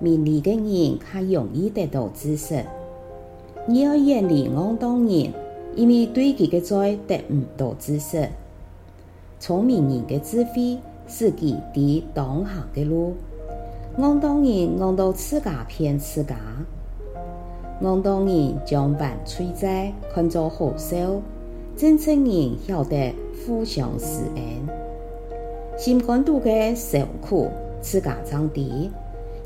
明理的人較容易得到知識，你要遠離戇當人，因為對佢嘅嘴得不到知識。聰明人的智慧，自己知當行的路。戇當人戇到自家騙自家，戇當人將辦錯事看作好笑，真正人曉得互相施恩，心肝肚嘅受苦自家承擔。